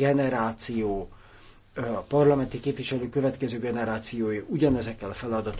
generáció, a parlamenti képviselő következő generációi ugyanezekkel a feladatokkal